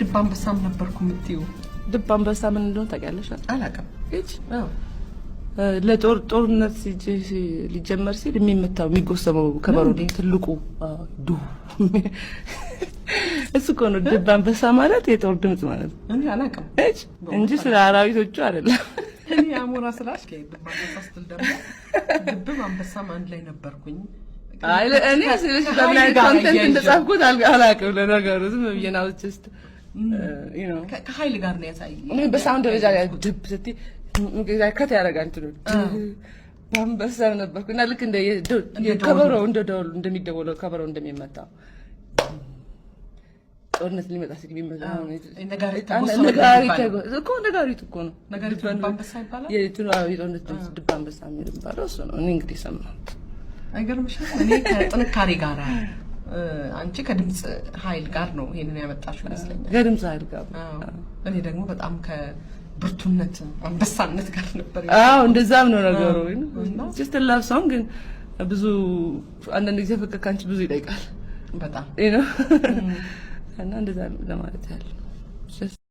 ድብ አንበሳም ነበርኩ የምትይው። ድብ አንበሳ ምን እንደሆነ ታውቂያለሽ? አላውቅም። ለጦር ጦርነት ሊጀመር ሲል የሚመታው የሚጎሰመው ከበሮ ትልቁ ዱ እሱ እኮ ነው ድብ አንበሳ ማለት የጦር ድምፅ ማለት ነው። እኔ አላውቅም እንጂ ስለ አራዊቶቹ አይደለም። እኔ አሞራ ስላሽ ድብ አንበሳ ስትል ደግሞ ድብም አንበሳም አንድ ላይ ነበርኩኝ። እኔ ስለሽ በምን ዓይነት ኮንተንት እንደጻፍኩት አላውቅም። ለነገሩ ዝም ብዬሽ ነው አውጥቼ ከሀይል ጋር ነው ያሳየኝ። በሳውንድ ደረጃ ድብ ስትይ ከት ያደርጋል እንትኑ ነበርኩ እና ልክ እንደ ከበሮ እንደ ደወሉ እንደሚደወለው ከበሮ እንደሚመታው ጦርነት ሊመጣ ሲል እኮ ነጋሪት እኮ ነው የጦርነት ድምፅ ድብ አንበሳ የሚባለው እሱ ነው። እኔ እንግዲህ ሰማሁ። አይገርምሽም? እኔ ከጥንካሬ ጋር አንቺ ከድምፅ ኃይል ጋር ነው ይሄንን ያመጣሽው ይመስለኛል። ከድምፅ ኃይል ጋር እኔ ደግሞ በጣም ከብርቱነት አንበሳነት ጋር ነበር። አዎ እንደዛም ነው ነገሩ። ጀስት ላቭ ሶንግ ግን ብዙ አንዳንድ ጊዜ ፍቅር ከአንቺ ብዙ ይጠይቃል በጣም ነው እና እንደዛ ለማለት ያህል